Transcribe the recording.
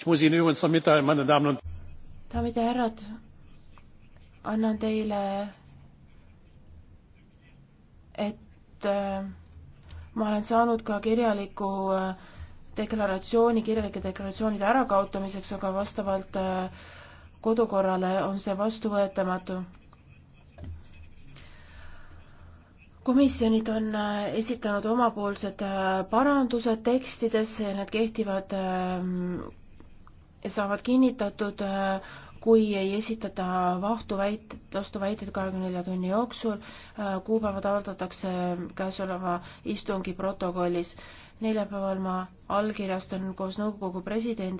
Ich muss Ihnen übrigens noch mitteilen, meine Damen und Daamid ja härrad, annan teile, et äh, ma olen saanud ka kirjaliku äh, deklaratsiooni, kirjalike deklaratsioonide ärakaotamiseks, aga vastavalt äh, kodukorrale on see vastuvõetamatu. komisjonid on äh, esitanud omapoolsed äh, parandused tekstidesse ja need kehtivad äh, saavad kinnitatud, äh, kui ei esitata vahtuväit-, vastuväiteid kahekümne nelja tunni jooksul. Äh, kuupäevad avaldatakse käesoleva istungi protokollis. neljapäeval ma allkirjastan koos nõukogu presidendi